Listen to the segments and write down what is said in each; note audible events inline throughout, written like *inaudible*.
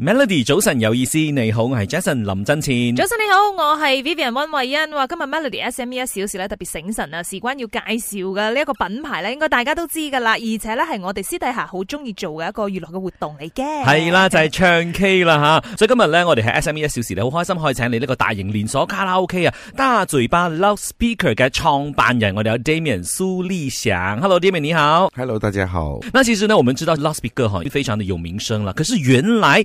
Melody 早晨有意思，你好，我係 Jason 林真千。早晨你好，我係 Vivian 溫慧欣。今日 Melody S M E 一小時咧特別醒神啊，事關要介紹嘅呢一個品牌咧，應該大家都知噶啦，而且咧係我哋私底下好中意做嘅一個娛樂嘅活動嚟嘅。係啦、啊，就係、是、唱 K 啦吓。啊、 *laughs* 所以今日咧，我哋喺 S M E 一小時咧，好開心可以請你呢個大型連鎖卡拉 OK 啊，大嘴叭 Love Speaker 嘅創辦人，我哋有 Damian 蘇立祥。Hello，Damian 你好。Hello，大家好。那其實呢，我們知道 Love Speaker 非常的有名聲啦。可是原來。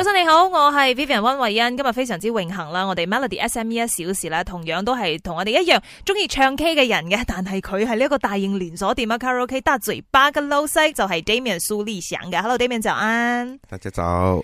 先生你好，我係 Vivian 温慧欣，今日非常之榮幸啦，我哋 Melody SME 一小時啦，同樣都係同我哋一樣中意唱 K 嘅人嘅，但係佢係呢個大型連鎖店啊，卡拉 OK 大嘴巴嘅 w 細就係、是、Damian 蘇立想嘅，Hello Damian 早安，大家早。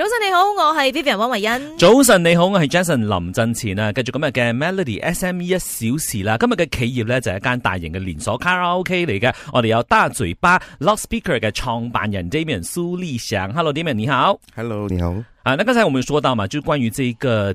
早晨你好，我係 Vivian 汪慧欣。早晨你好，我係 Jason 林振前啊，繼續今日嘅 Melody SME 一小時啦。今日嘅企業咧就係、是、一間大型嘅連鎖卡拉 OK 嚟嘅，我哋有大嘴叭 Lock Speaker 嘅創辦人 Damian 蘇立祥。Hello Damian，你好。Hello，你好。啊，那剛才我們說到嘛，就關於呢、這個。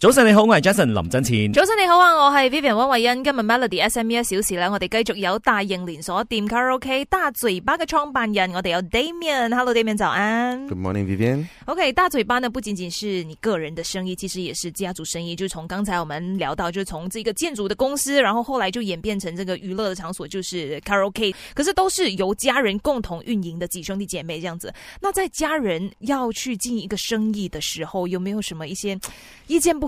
早晨你好，我係 Jason 林振倩。早晨你好啊，我係 Vivian 溫慧欣。今日 Melody S M E 一小時咧，我哋繼續有大型連鎖店 Karaoke 大嘴巴嘅創辦人，我哋有 Damian。Hello Damian，早安。Good morning Vivian。OK，大嘴巴呢不僅僅是你個人的生意，其實也是家族生意。就從剛才我們聊到，就從這個建築的公司，然後後來就演變成這個娛樂的場所，就是 Karaoke，可是都是由家人共同運營的，幾兄弟姐妹這樣子。那在家人要去經營一個生意的時候，有沒有什麼一些意見不